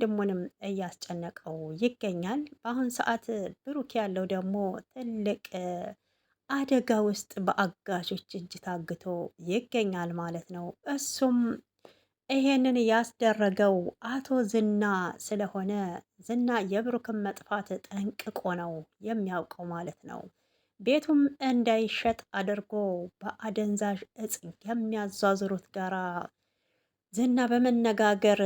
ወንድሙንም እያስጨነቀው ይገኛል። በአሁን ሰዓት ብሩክ ያለው ደግሞ ትልቅ አደጋ ውስጥ በአጋሾች እጅ ታግቶ ይገኛል ማለት ነው። እሱም ይሄንን ያስደረገው አቶ ዝና ስለሆነ ዝና የብሩክን መጥፋት ጠንቅቆ ነው የሚያውቀው ማለት ነው። ቤቱም እንዳይሸጥ አድርጎ በአደንዛዥ እጽ የሚያዟዝሩት ጋራ ዝና በመነጋገር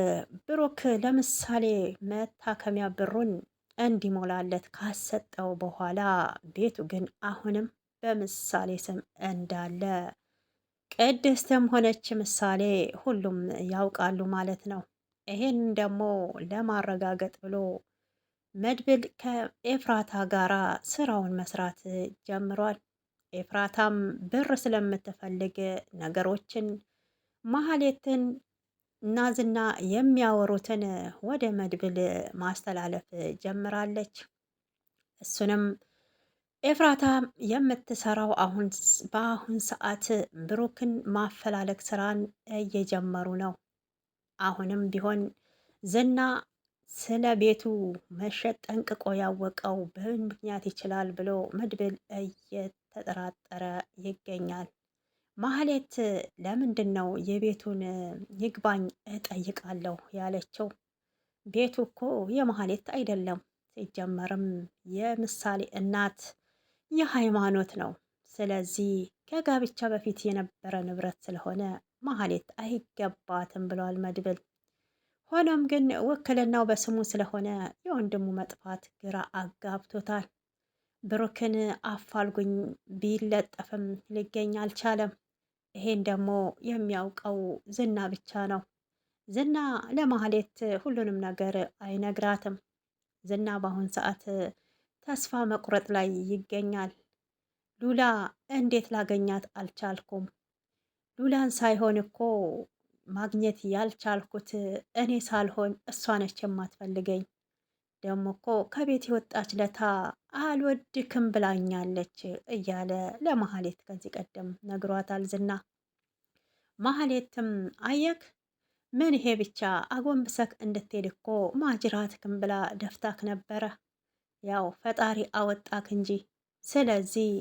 ብሩክ ለምሳሌ መታከሚያ ብሩን እንዲሞላለት ካሰጠው በኋላ ቤቱ ግን አሁንም በምሳሌ ስም እንዳለ ቅድስትም ሆነች ምሳሌ ሁሉም ያውቃሉ ማለት ነው። ይሄን ደግሞ ለማረጋገጥ ብሎ መድብል ከኤፍራታ ጋራ ስራውን መስራት ጀምሯል። ኤፍራታም ብር ስለምትፈልግ ነገሮችን ማህሌትን እና ዝና የሚያወሩትን ወደ መድብል ማስተላለፍ ጀምራለች። እሱንም ኤፍራታ የምትሰራው አሁን በአሁን ሰዓት ብሩክን ማፈላለግ ስራን እየጀመሩ ነው። አሁንም ቢሆን ዝና ስለ ቤቱ መሸጥ ጠንቅቆ ያወቀው በምን ምክንያት ይችላል ብሎ መድብል እየተጠራጠረ ይገኛል። ማህሌት ለምንድን ነው የቤቱን ይግባኝ እጠይቃለሁ ያለችው? ቤቱ እኮ የማህሌት አይደለም። ሲጀመርም የምሳሌ እናት የሃይማኖት ነው። ስለዚህ ከጋብቻ በፊት የነበረ ንብረት ስለሆነ ማህሌት አይገባትም ብለዋል መድብል። ሆኖም ግን ውክልናው በስሙ ስለሆነ የወንድሙ መጥፋት ግራ አጋብቶታል። ብሩክን አፋልጉኝ ቢለጠፍም ሊገኝ አልቻለም። ይሄን ደግሞ የሚያውቀው ዝና ብቻ ነው። ዝና ለማህሌት ሁሉንም ነገር አይነግራትም። ዝና በአሁን ሰዓት ተስፋ መቁረጥ ላይ ይገኛል። ሉላ እንዴት ላገኛት አልቻልኩም? ሉላን ሳይሆን እኮ ማግኘት ያልቻልኩት እኔ ሳልሆን እሷ ነች የማትፈልገኝ። ደግሞ እኮ ከቤት የወጣች ለታ አልወድክም ብላኛለች እያለ ለመሀሌት ከዚህ ቀደም ነግሯታል ዝና ማህሌትም አየክ ምን ይሄ ብቻ አጎንብሰክ እንድትሄድ እኮ ማጅራትክን ብላ ደፍታክ ነበረ። ያው ፈጣሪ አወጣክ እንጂ። ስለዚህ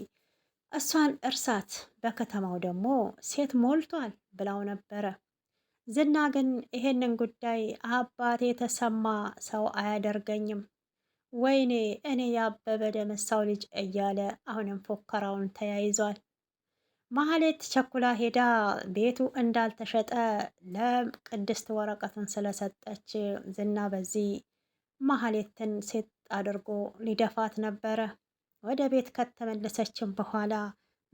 እሷን እርሳት፣ በከተማው ደግሞ ሴት ሞልቷል ብላው ነበረ። ዝና ግን ይሄንን ጉዳይ አባት የተሰማ ሰው አያደርገኝም፣ ወይኔ እኔ ያበበ ደመሳው ልጅ እያለ አሁንም ፎከራውን ተያይዟል። ማህሌት ቸኩላ ሄዳ ቤቱ እንዳልተሸጠ ለቅድስት ወረቀትን ስለሰጠች ዝና በዚህ ማህሌትን ሴት አድርጎ ሊደፋት ነበረ። ወደ ቤት ከተመለሰችም በኋላ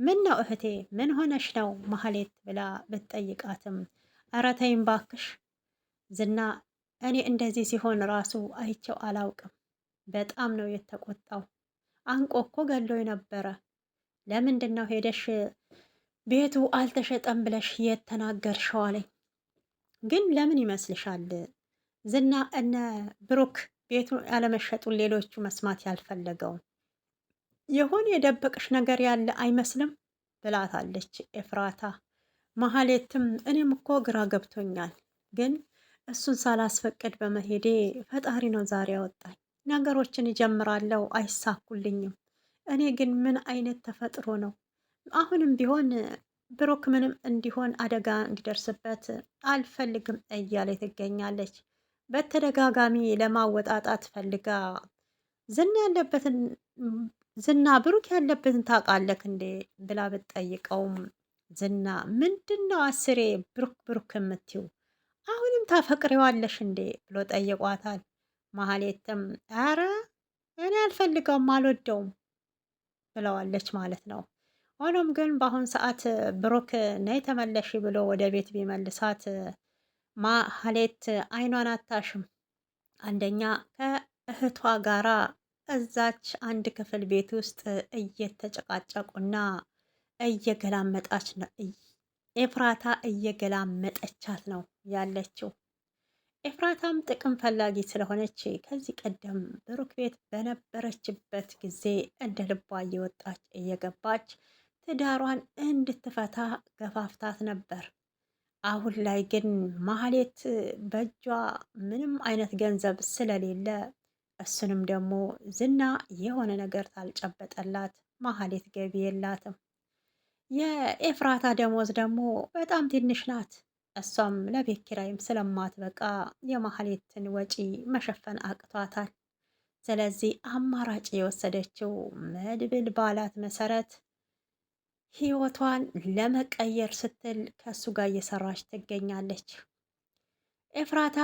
ምን ነው እህቴ፣ ምን ሆነሽ ነው ማህሌት ብላ ብትጠይቃትም ኧረ ተይኝ ባክሽ ዝና እኔ እንደዚህ ሲሆን ራሱ አይቼው አላውቅም። በጣም ነው የተቆጣው። አንቆ እኮ ገሎኝ ነበረ። ለምንድን ነው ሄደሽ ቤቱ አልተሸጠም ብለሽ የተናገርሽው አለኝ። ግን ለምን ይመስልሻል ዝና እነ ብሩክ ቤቱ ያለመሸጡን ሌሎቹ መስማት ያልፈለገውን የሆነ የደበቅሽ ነገር ያለ አይመስልም ብላታለች ኤፍራታ። መሀሌትም እኔም እኮ ግራ ገብቶኛል፣ ግን እሱን ሳላስፈቅድ በመሄዴ ፈጣሪ ነው ዛሬ ያወጣኝ። ነገሮችን እጀምራለሁ አይሳኩልኝም። እኔ ግን ምን አይነት ተፈጥሮ ነው አሁንም ቢሆን ብሩክ ምንም እንዲሆን አደጋ እንዲደርስበት አልፈልግም እያለ ትገኛለች። በተደጋጋሚ ለማወጣጣት ፈልጋ ዝና ያለበትን ዝና ብሩክ ያለበትን ታውቃለህ እንዴ ብላ ብትጠይቀውም ዝና ምንድን ነው አስሬ ብሩክ ብሩክ የምትይው አሁንም ታፈቅሪዋለሽ እንዴ ብሎ ጠይቋታል። ማህሌትም አረ እኔ አልፈልገውም አልወደውም ብለዋለች ማለት ነው። ሆኖም ግን በአሁን ሰዓት ብሩክ ነይ ተመለሽ ብሎ ወደ ቤት ቢመልሳት ማህሌት አይኗን አታሽም። አንደኛ ከእህቷ ጋራ እዛች አንድ ክፍል ቤት ውስጥ እየተጨቃጨቁና እየገላመጣች ነው ኤፍራታ እየገላመጠቻት ነው ያለችው። ኤፍራታም ጥቅም ፈላጊ ስለሆነች ከዚህ ቀደም ብሩክ ቤት በነበረችበት ጊዜ እንደ ልቧ እየወጣች እየገባች ትዳሯን እንድትፈታ ገፋፍታት ነበር። አሁን ላይ ግን ማህሌት በእጇ ምንም አይነት ገንዘብ ስለሌለ እሱንም ደግሞ ዝና የሆነ ነገር ታልጨበጠላት ማህሌት ገቢ የላትም። የኤፍራታ ደሞዝ ደግሞ በጣም ትንሽ ናት። እሷም ለቤት ኪራይም ስለማትበቃ የማህሌትን ወጪ መሸፈን አቅቷታል። ስለዚህ አማራጭ የወሰደችው መድብል ባላት መሰረት ህይወቷን ለመቀየር ስትል ከእሱ ጋር እየሰራች ትገኛለች። ኤፍራታ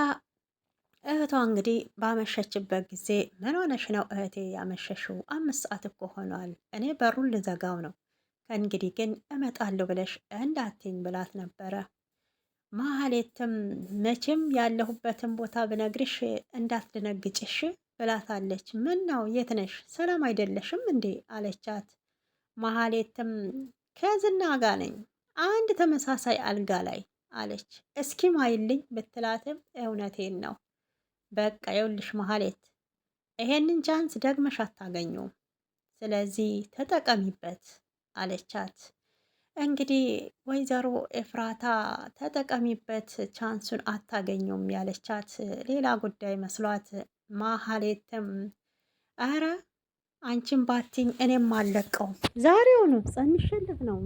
እህቷ እንግዲህ ባመሸችበት ጊዜ ምን ሆነሽ ነው እህቴ ያመሸሽው? አምስት ሰዓት እኮ ሆኗል። እኔ በሩን ልዘጋው ነው። ከእንግዲህ ግን እመጣለሁ ብለሽ እንዳትኝ ብላት ነበረ። ማህሌትም መቼም ያለሁበትን ቦታ ብነግርሽ እንዳትደነግጭሽ ብላታለች። ምን ነው የት ነሽ? ሰላም አይደለሽም እንዴ አለቻት። መሀሌትም ከዝና ጋር ነኝ አንድ ተመሳሳይ አልጋ ላይ አለች። እስኪ ማይልኝ ብትላትም እውነቴን ነው በቃ የውልሽ መሀሌት ይሄንን ቻንስ ደግመሽ አታገኙም፣ ስለዚህ ተጠቀሚበት አለቻት። እንግዲህ ወይዘሮ ኤፍራታ ተጠቀሚበት ቻንሱን አታገኙም ያለቻት ሌላ ጉዳይ መስሏት ማሀሌትም አረ አንቺን ባትኝ እኔም አለቀው ዛሬውኑ ጸንሸልፍ ነው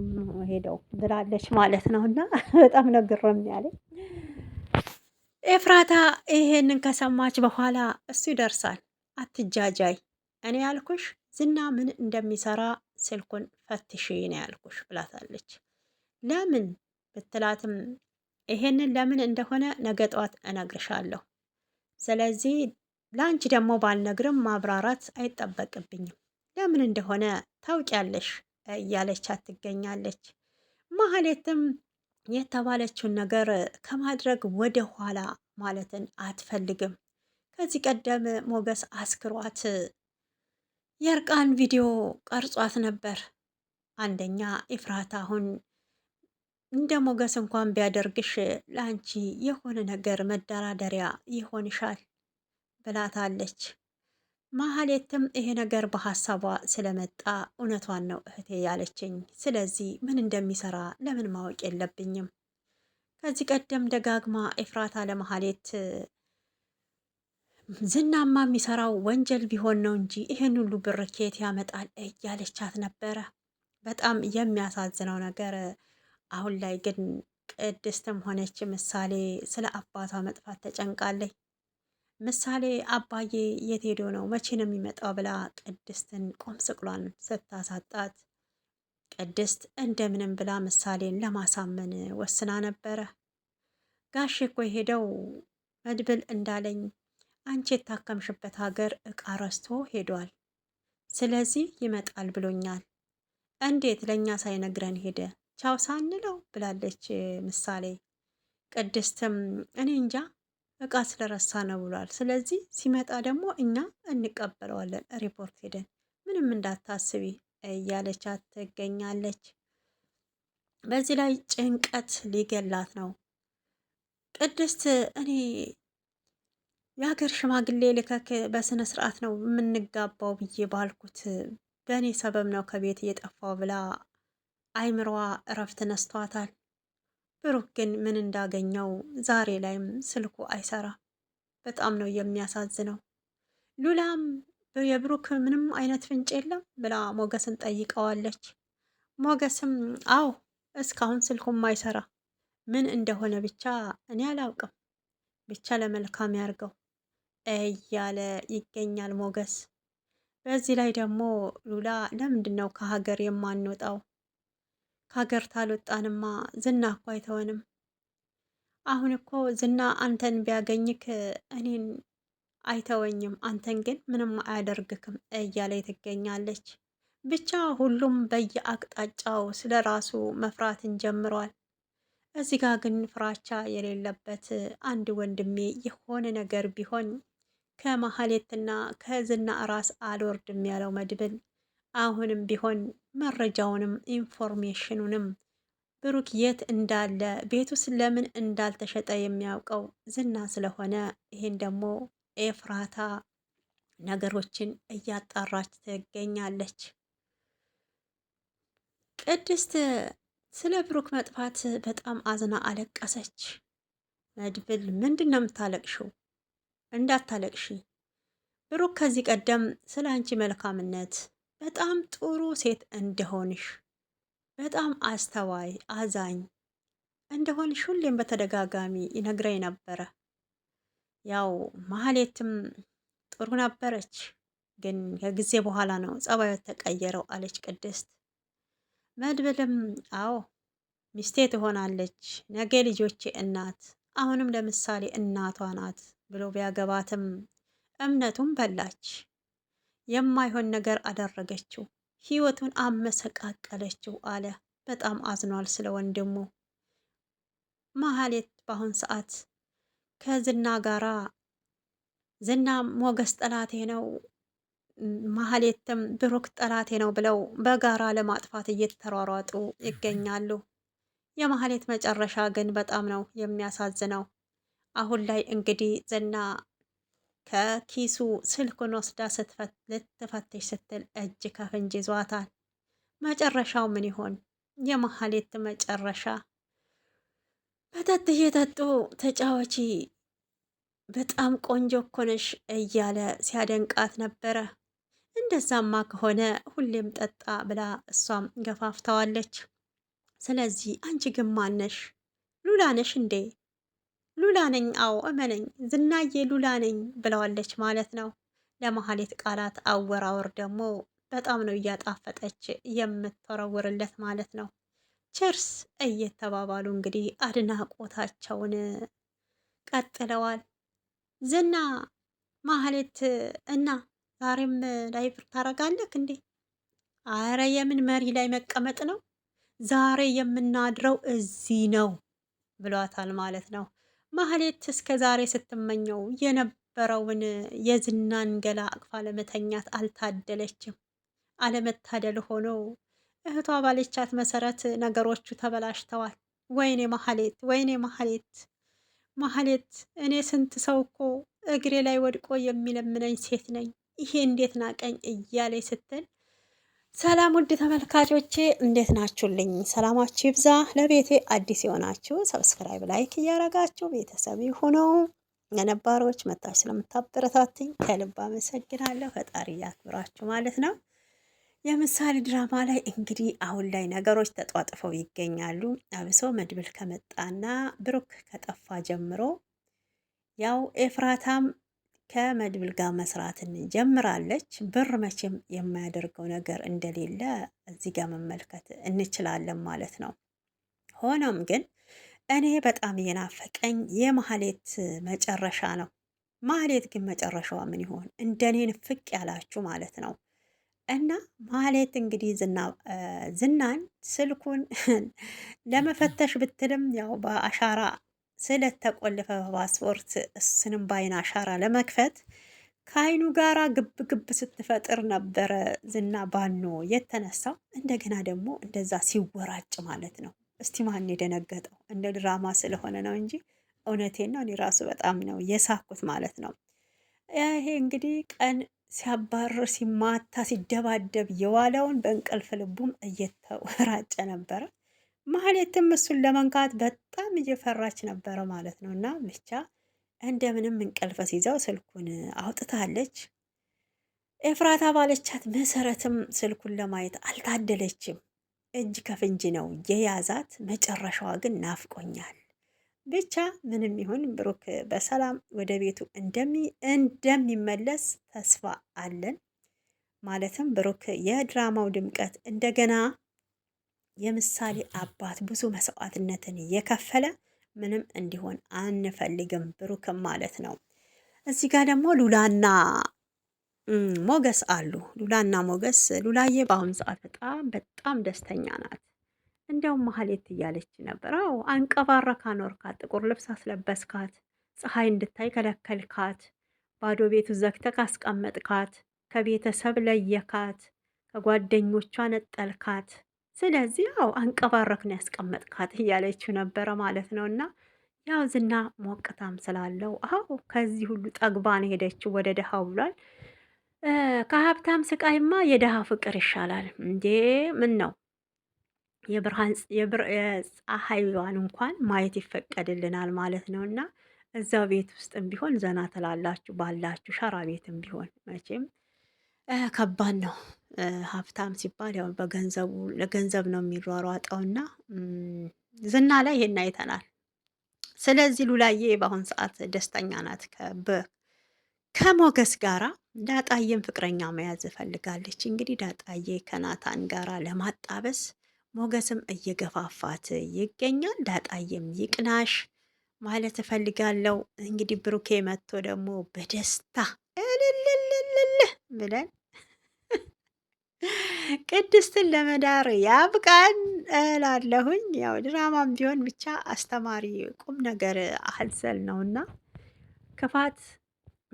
ሄደው ብላለች ማለት ነው። እና በጣም ነግረም ያለ ኤፍራታ ይሄንን ከሰማች በኋላ እሱ ይደርሳል። አትጃጃይ፣ እኔ ያልኩሽ ዝና ምን እንደሚሰራ ስልኩን ፈትሽ ነው ያልኩሽ ብላታለች። ለምን ብትላትም ይሄንን ለምን እንደሆነ ነገ ጠዋት እነግርሻለሁ። ስለዚህ ለአንቺ ደግሞ ባልነግርም ማብራራት አይጠበቅብኝም። ለምን እንደሆነ ታውቂያለሽ እያለች ትገኛለች። ማህሌትም የተባለችውን ነገር ከማድረግ ወደ ኋላ ማለትን አትፈልግም። ከዚህ ቀደም ሞገስ አስክሯት የእርቃን ቪዲዮ ቀርጿት ነበር። አንደኛ ኤፍራታ አሁን እንደ ሞገስ እንኳን ቢያደርግሽ ለአንቺ የሆነ ነገር መደራደሪያ ይሆንሻል ብላታለች። ማህሌትም ይሄ ነገር በሀሳቧ ስለመጣ እውነቷን ነው እህቴ ያለችኝ። ስለዚህ ምን እንደሚሰራ ለምን ማወቅ የለብኝም። ከዚህ ቀደም ደጋግማ ኤፍራታ ለማህሌት ዝናማ የሚሰራው ወንጀል ቢሆን ነው እንጂ ይህን ሁሉ ብር ያመጣል እያለቻት ነበረ። በጣም የሚያሳዝነው ነገር አሁን ላይ ግን ቅድስትም ሆነች ምሳሌ ስለ አባቷ መጥፋት ተጨንቃለች። ምሳሌ አባዬ የት ሄዶ ነው መቼ ነው የሚመጣው ብላ ቅድስትን ቆም ስቅሏን ስታሳጣት ቅድስት እንደምንም ብላ ምሳሌን ለማሳመን ወስና ነበረ። ጋሼ እኮ ሄደው መድብል እንዳለኝ አንቺ የታከምሽበት ሀገር እቃ ረስቶ ሄዷል። ስለዚህ ይመጣል ብሎኛል። እንዴት ለእኛ ሳይነግረን ሄደ? ቻው ሳንለው ብላለች ምሳሌ። ቅድስትም እኔ እንጃ እቃ ስለረሳ ነው ብሏል። ስለዚህ ሲመጣ ደግሞ እኛ እንቀበለዋለን ሪፖርት ሄደን ምንም እንዳታስቢ እያለቻት ትገኛለች። በዚህ ላይ ጭንቀት ሊገላት ነው። ቅድስት እኔ የሀገር ሽማግሌ ልከክ በስነ ስርዓት ነው የምንጋባው ብዬ ባልኩት በእኔ ሰበብ ነው ከቤት እየጠፋው ብላ አይምሯ እረፍት ነስቷታል። ብሩክ ግን ምን እንዳገኘው ዛሬ ላይም ስልኩ አይሰራም። በጣም ነው የሚያሳዝነው። ሉላም የብሩክ ምንም አይነት ፍንጭ የለም ብላ ሞገስን ጠይቀዋለች። ሞገስም አዎ እስካሁን ስልኩም አይሰራ ምን እንደሆነ ብቻ እኔ አላውቅም፣ ብቻ ለመልካም ያርገው እያለ ይገኛል ሞገስ። በዚህ ላይ ደግሞ ሉላ ለምንድን ነው ከሀገር የማንወጣው ከሀገር ታልወጣንማ ዝና እኮ አይተወንም። አሁን እኮ ዝና አንተን ቢያገኝክ እኔን አይተወኝም፣ አንተን ግን ምንም አያደርግክም እያለ ትገኛለች። ብቻ ሁሉም በየአቅጣጫው ስለ ራሱ መፍራትን ጀምሯል። እዚህ ጋ ግን ፍራቻ የሌለበት አንድ ወንድሜ የሆነ ነገር ቢሆን ከማህሌትና ከዝና ራስ አልወርድም ያለው መድብል አሁንም ቢሆን መረጃውንም ኢንፎርሜሽኑንም ብሩክ የት እንዳለ ቤቱስ ለምን እንዳልተሸጠ የሚያውቀው ዝና ስለሆነ ይህን ደግሞ ኤፍራታ ነገሮችን እያጣራች ትገኛለች። ቅድስት ስለ ብሩክ መጥፋት በጣም አዝና አለቀሰች። መድብል ምንድን ነው የምታለቅሽው? እንዳታለቅሺ ብሩክ ከዚህ ቀደም ስለ አንቺ መልካምነት በጣም ጥሩ ሴት እንደሆንሽ በጣም አስተዋይ፣ አዛኝ እንደሆንሽ ሁሌም በተደጋጋሚ ይነግረኝ ነበረ። ያው ማህሌትም ጥሩ ነበረች፣ ግን ከጊዜ በኋላ ነው ጸባዩ ተቀየረው አለች ቅድስት። መድብልም አዎ ሚስቴ ትሆናለች፣ ነገ ልጆቼ እናት፣ አሁንም ለምሳሌ እናቷ ናት ብሎ ቢያገባትም እምነቱም በላች። የማይሆን ነገር አደረገችው፣ ህይወቱን አመሰቃቀለችው አለ። በጣም አዝኗል ስለ ወንድሙ። መሀሌት በአሁን ሰዓት ከዝና ጋራ ዝና ሞገስ ጠላቴ ነው፣ መሀሌትም ብሩክ ጠላቴ ነው ብለው በጋራ ለማጥፋት እየተሯሯጡ ይገኛሉ። የመሀሌት መጨረሻ ግን በጣም ነው የሚያሳዝነው። አሁን ላይ እንግዲህ ዝና ከኪሱ ስልኩን ወስዳ ልትፈትሽ ስትል እጅ ከፍንጅ ይዟታል። መጨረሻው ምን ይሆን? የመሀሌት መጨረሻ መጠጥ እየጠጡ ተጫዋች በጣም ቆንጆ እኮ ነሽ እያለ ሲያደንቃት ነበረ። እንደዛማ ከሆነ ሁሌም ጠጣ ብላ እሷም ገፋፍታዋለች። ስለዚህ አንቺ ግን ማነሽ? ነሽ? ሉላ ነሽ እንዴ ሉላ ነኝ፣ አዎ እመነኝ ዝናዬ ሉላ ነኝ ብለዋለች ማለት ነው። ለመሀሌት ቃላት አወራወር ደግሞ በጣም ነው እያጣፈጠች የምትወረውርለት ማለት ነው። ቸርስ እየተባባሉ እንግዲህ አድናቆታቸውን ቀጥለዋል። ዝና ማህሌት እና ዛሬም ላይቭ ታረጋለህ እንዴ? አረ የምን መሪ ላይ መቀመጥ ነው ዛሬ የምናድረው እዚህ ነው ብሏታል ማለት ነው። ማህሌት ዛሬ ስትመኘው የነበረውን የዝናን ገላ አቅፋ ለመተኛት አልታደለችም። አለመታደል ሆኖ እህቷ ባለቻት መሰረት ነገሮቹ ተበላሽተዋል። ወይኔ ማህሌት፣ ወይኔ ማህሌት፣ ማህሌት እኔ ስንት ሰው እኮ እግሬ ላይ ወድቆ የሚለምነኝ ሴት ነኝ፣ ይሄ እንዴት ናቀኝ እያለ ስትል ሰላም ውድ ተመልካቾቼ እንዴት ናችሁልኝ? ሰላማችሁ ይብዛ። ለቤቴ አዲስ የሆናችሁ ሰብስክራይብ፣ ላይክ እያረጋችሁ ቤተሰብ ሆነው ለነባሮች መጣች ስለምታበረታትኝ ከልብ አመሰግናለሁ። ፈጣሪ እያክብራችሁ ማለት ነው። የምሳሌ ድራማ ላይ እንግዲህ አሁን ላይ ነገሮች ተጧጥፈው ይገኛሉ። አብሶ መድብል ከመጣና ብሩክ ከጠፋ ጀምሮ ያው ኤፍራታም ከመድብል ጋር መስራትን ጀምራለች። ብር መቼም የማያደርገው ነገር እንደሌለ እዚህ ጋር መመልከት እንችላለን ማለት ነው። ሆኖም ግን እኔ በጣም የናፈቀኝ የማህሌት መጨረሻ ነው። ማህሌት ግን መጨረሻዋ ምን ይሆን? እንደኔ ንፍቅ ያላችሁ ማለት ነው። እና ማህሌት እንግዲህ ዝናን ስልኩን ለመፈተሽ ብትልም ያው በአሻራ ስለተቆለፈ በፓስፖርት እሱንም በአይን አሻራ ለመክፈት ከአይኑ ጋራ ግብ ግብ ስትፈጥር ነበረ ዝና ባኖ የተነሳው። እንደገና ደግሞ እንደዛ ሲወራጭ ማለት ነው። እስቲ ማን የደነገጠው? እንደ ድራማ ስለሆነ ነው እንጂ እውነቴን ነው። እኔ ራሱ በጣም ነው የሳኩት ማለት ነው። ይሄ እንግዲህ ቀን ሲያባርር ሲማታ ሲደባደብ የዋለውን በእንቅልፍ ልቡም እየተወራጨ ነበረ። ማህሌትም እሱን ለመንካት በጣም እየፈራች ነበረ ማለት ነው። እና ብቻ እንደምንም እንቅልፍ ሲይዘው ስልኩን አውጥታለች። ኤፍራታ ባለቻት መሰረትም ስልኩን ለማየት አልታደለችም። እጅ ከፍንጅ ነው የያዛት። መጨረሻዋ ግን ናፍቆኛል። ብቻ ምንም ይሁን ብሩክ በሰላም ወደ ቤቱ እንደሚመለስ ተስፋ አለን። ማለትም ብሩክ የድራማው ድምቀት እንደገና የምሳሌ አባት ብዙ መስዋዕትነትን የከፈለ ምንም እንዲሆን አንፈልግም ብሩክም ማለት ነው። እዚህ ጋር ደግሞ ሉላና ሞገስ አሉ። ሉላና ሞገስ ሉላዬ በአሁኑ ሰዓት በጣም በጣም ደስተኛ ናት። እንደውም መሀሌት እያለች ነበር። አዎ አንቀባራ ጥቁር ልብስ አስለበስካት፣ ፀሐይ እንድታይ ከለከልካት፣ ባዶ ቤቱ ዘግተህ ካስቀመጥካት፣ ከቤተሰብ ለየካት፣ ከጓደኞቿ ነጠልካት ስለዚህ ያው አንቀባረክ ነው ያስቀመጥካት እያለችው ነበረ ማለት ነው። እና ያው ዝና ሞቅታም ስላለው አው ከዚህ ሁሉ ጠግባን ሄደችው ወደ ድሃው ብሏል። ከሀብታም ስቃይማ የድሃ ፍቅር ይሻላል እንዴ! ምን ነው የብርሃን እንኳን ማየት ይፈቀድልናል ማለት ነው እና እዛው ቤት ውስጥም ቢሆን ዘና ትላላችሁ ባላችሁ ሸራ ቤትም ቢሆን መቼም ከባድ ነው። ሀብታም ሲባል ያው በገንዘቡ ለገንዘብ ነው እና ዝና ላይ ይሄን አይተናል። ስለዚህ ሉላዬ በአሁን ሰዓት ደስተኛ ናት ከሞገስ ጋራ። ዳጣዬም ፍቅረኛ መያዝ ፈልጋለች። እንግዲህ ዳጣዬ ከናታን ጋራ ለማጣበስ ሞገስም እየገፋፋት ይገኛል። ዳጣዬም ይቅናሽ ማለት እፈልጋለሁ። እንግዲህ ብሩኬ መጥቶ ደግሞ በደስታ እልልልልልህ ብለን ቅድስትን ለመዳር ያብቃን እላለሁኝ። ያው ድራማም ቢሆን ብቻ አስተማሪ ቁም ነገር አህልሰል እና ክፋት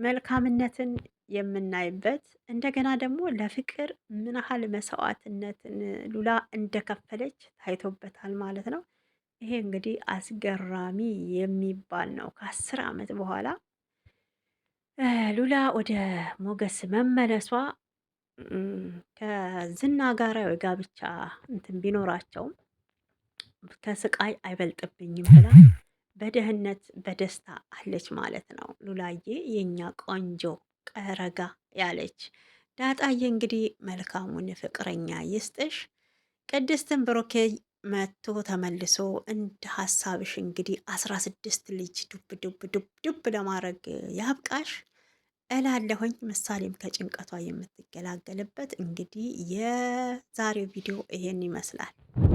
መልካምነትን የምናይበት እንደገና ደግሞ ለፍቅር ምን ያህል መስዋዕትነትን ሉላ እንደከፈለች ታይቶበታል ማለት ነው። ይሄ እንግዲህ አስገራሚ የሚባል ነው። ከአስር ዓመት በኋላ ሉላ ወደ ሞገስ መመለሷ ከዝና ጋር የጋብቻ እንትን ቢኖራቸውም ከስቃይ አይበልጥብኝም ብላ በደህነት በደስታ አለች ማለት ነው። ሉላዬ የኛ ቆንጆ ቀረጋ ያለች ዳጣዬ፣ እንግዲህ መልካሙን ፍቅረኛ ይስጥሽ። ቅድስትን ብሮኬ መቶ ተመልሶ እንደ ሀሳብሽ እንግዲህ አስራ ስድስት ልጅ ዱብ ዱብ ዱብ ዱብ ለማድረግ ያብቃሽ። እላለሁኝ። ምሳሌም ከጭንቀቷ የምትገላገልበት እንግዲህ የዛሬው ቪዲዮ ይሄን ይመስላል።